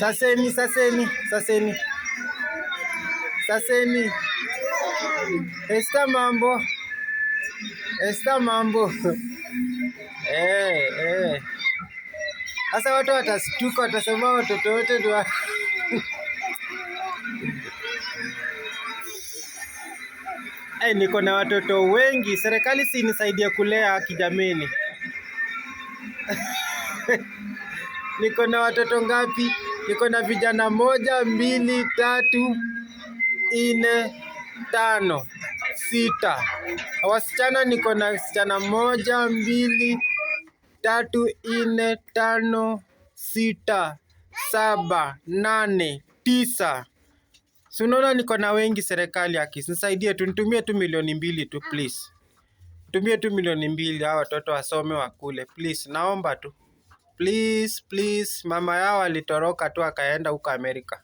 Sasemi, sasemi, sasemi, sasemi. Esta mambo, esta mambo. Eh, eh. Sasa watu watastuka, watasema watoto wote ndio Hey, eh, niko na watoto wengi. Serikali si nisaidie kulea kijamini niko na watoto ngapi? Niko na vijana moja, mbili, tatu, ine, tano, sita. Wasichana niko na wasichana moja, mbili, tatu, ine, tano, sita, saba, nane, tisa. Si unaona niko na wengi. Serikali akinisaidie tu, nitumie tu milioni mbili tu please, nitumie tu milioni mbili, hawa watoto wasome wakule please, naomba tu. Please please mama yao alitoroka tu akaenda huko Amerika